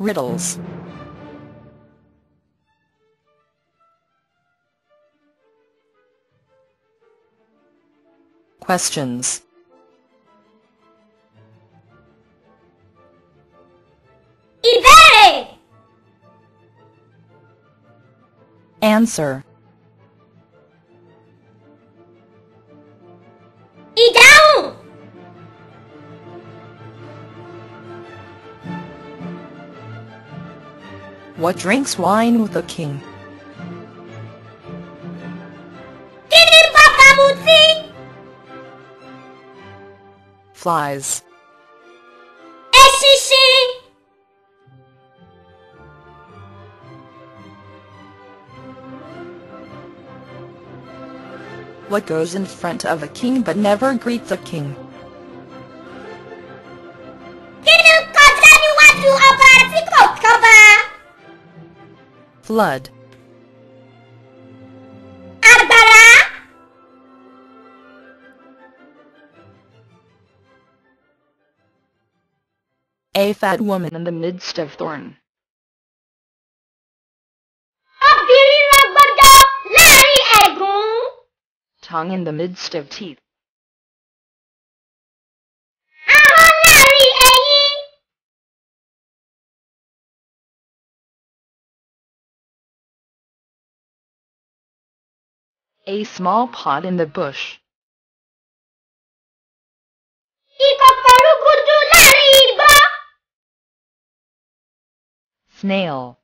riddles. Questions Ibere! Answer What drinks wine with a king? Flies. What goes in front of a king but never greets a king? Flood. A fat woman in the midst of thorn. Tongue in the midst of teeth. a small pot in the bush. Snail.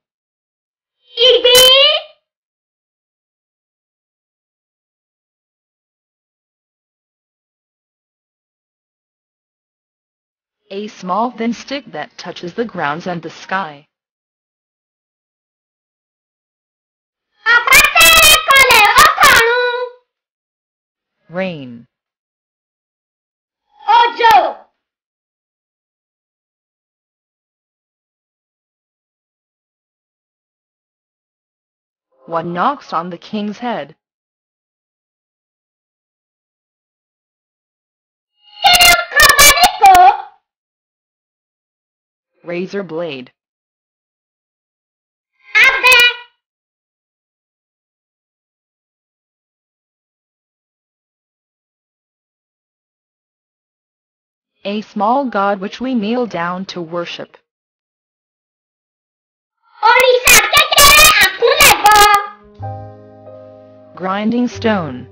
A small thin stick that touches the grounds and the sky. rain. Ojo! What knocks on the king's head? Razor blade. a small god which we kneel down to worship. Grinding stone.